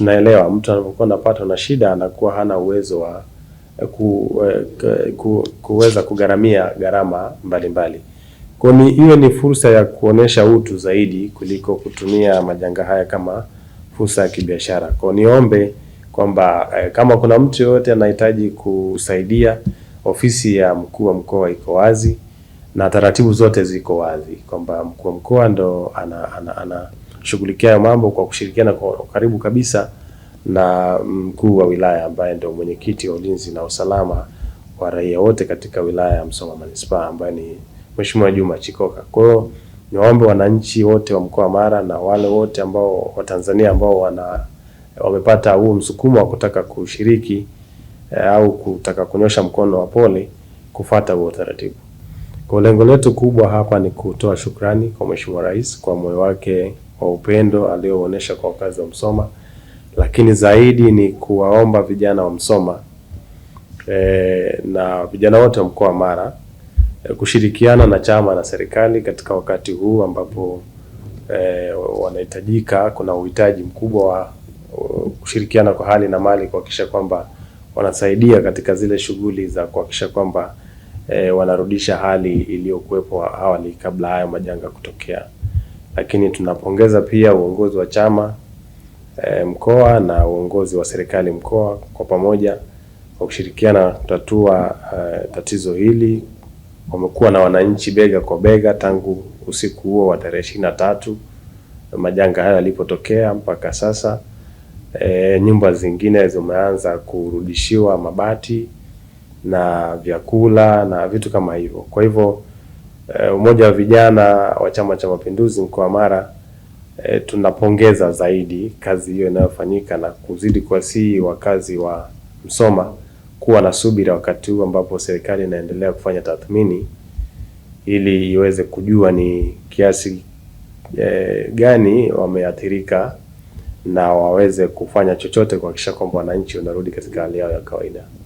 tunaelewa mtu anapokuwa anapata na shida anakuwa hana uwezo wa eh, eh, ku, ku, kuweza kugharamia gharama mbalimbali. Kwa ni hiyo ni fursa ya kuonesha utu zaidi kuliko kutumia majanga haya kama fursa ya kibiashara. Kwa niombe kwamba eh, kama kuna mtu yoyote anahitaji kusaidia, ofisi ya mkuu wa mkoa iko wazi na taratibu zote ziko wazi kwamba mkuu wa mkoa ndo ana, ana, ana kushughulikia hayo mambo kwa kushirikiana kwa karibu kabisa na mkuu wa wilaya ambaye ndio mwenyekiti wa ulinzi na usalama wa raia wote katika wilaya ya Msoma manispaa ambaye ni Mheshimiwa Juma Chikoka. Kwa hiyo niwaombe wananchi wote wa mkoa wa Mara na wale wote ambao Watanzania ambao wana wamepata huu msukumo wa kutaka kushiriki eh, au kutaka kunyosha mkono wa pole kufuata huo utaratibu. Kwa lengo letu kubwa hapa ni kutoa shukrani kwa Mheshimiwa Rais kwa moyo wake wa upendo alioonyesha kwa wakazi wa Msoma, lakini zaidi ni kuwaomba vijana wa Msoma e, na vijana wote wa mkoa wa Mara e, kushirikiana na chama na serikali katika wakati huu ambapo e, wanahitajika, kuna uhitaji mkubwa wa uh, kushirikiana kwa hali na mali kuhakikisha kwamba wanasaidia katika zile shughuli za kuhakikisha kwamba e, wanarudisha hali iliyokuwepo awali kabla hayo majanga kutokea. Lakini tunapongeza pia uongozi wa chama e, mkoa na uongozi wa serikali mkoa kwa pamoja kwa kushirikiana kutatua e, tatizo hili. Wamekuwa na wananchi bega kwa bega tangu usiku huo wa tarehe ishirini na tatu majanga hayo yalipotokea mpaka sasa. E, nyumba zingine zimeanza kurudishiwa mabati na vyakula na vitu kama hivyo. Kwa hivyo eh, umoja wa vijana wa Chama cha Mapinduzi mkoa wa Mara e, tunapongeza zaidi kazi hiyo inayofanyika na kuzidi kuwasihi wakazi wa Msoma kuwa na subira wakati huu ambapo serikali inaendelea kufanya tathmini ili iweze kujua ni kiasi e, gani wameathirika na waweze kufanya chochote kuhakikisha kwamba wananchi wanarudi katika hali yao ya kawaida.